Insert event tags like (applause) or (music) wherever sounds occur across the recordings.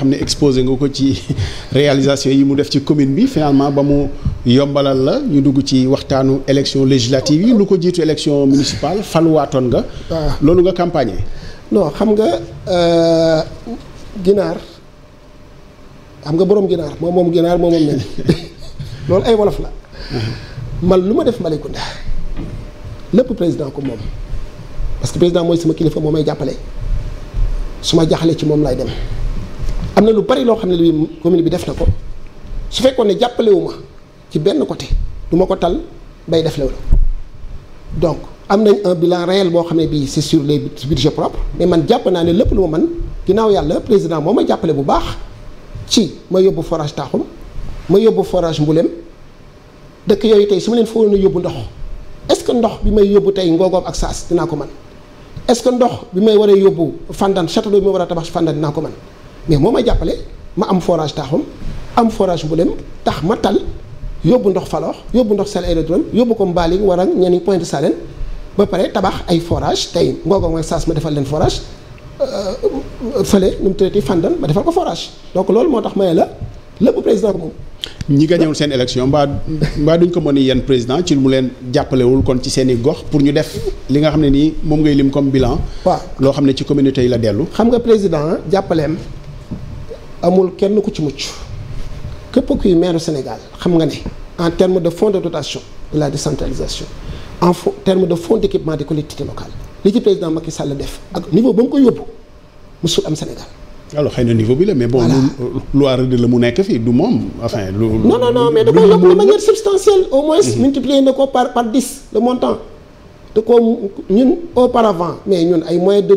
xam ne exposé nga ko ci (laughs) réalisation yi mu def ci commune bi finalement ba mu yombalal la ñu dugg ci waxtaanu élection législative yi lu ko jiitu élection municipale faluwaatoon nga ah. loolu nga campagne non xam nga euh, ginaar xam nga boroom ginaar moom moom ginaar moom moom nen (laughs) loolu ay wolof la uh-huh. man lu ma def Malicounda lépp président ko moom parce que président mooy sama kilifa moo may jàppale su ma jaxalee ci moom lay dem am na lu bari loo xam ne li commune bi def na ko su fekkoon ne jàppalewu ma ci benn côté du ma ko tal bay def la donc am nañ un bilan réel boo xam ne bii c'est sur les budgets propres mais man jàpp naa ne lépp lu ma man ginnaaw yàlla président moo ma jàppale bu baax ci ma yóbbu forage taaxum ma yóbbu forage mbulem dëkk yooyu tey su ma leen foo na yóbbu ndox est-ce que ndox bi may yóbbu tey ngoogoom ak saas dinaa ko man est-ce que ndox bi may war a yóbbu Fandane château d'eau bi may war a tabax Fandane ko mën mais moo may jàppale ma am forage taaxum am forage bu lem tax ma tal yóbbu ndox Falokh yóbbu ndox Sel Aérodrome yóbbu ko Mbaling Warang ñeeni Pointe de Sarène ba pare tabax ay forage tey Ngogo mooy saas ma defal leen forage euh, euh, fële nu te tuddati Fandane ma defal ko forage donc loolu moo tax maye la lépp président ko moom. ñi gañewul seen élection mbaa mbaa duñ ko mën a yenn président ci mu leen jàppalewul kon ci seen i gox pour ñu def li nga xam ne nii moom ngay lim comme bilan. waaw loo xam ne ci communauté yi la dellu. xam nga président jàppaleem. amul kenn ku ci mucc képp kuy maire Sénégal xam nga ne en terme de fonds de dotation de la décentralisation en terme de fonds d'équipement des collectivités locales li ci président Macky Sall def ak niveau ba mu ko yóbbu musul am Sénégal. alors xëy na niveau bi la mais bon. voilà lu la mu nekk fii du moom. enfin lu non non da koo yokk de manière substantielle au moins. Mhm. multiplier na ko par par dix le montant. te ko ñun auparavant mais ñun ay moyens de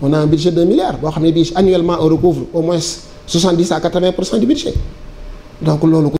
on a un budget d'un milliard boo xam ne bii annuellement on recouvre au moins 70 à 80 pour cent du budget donc loolu.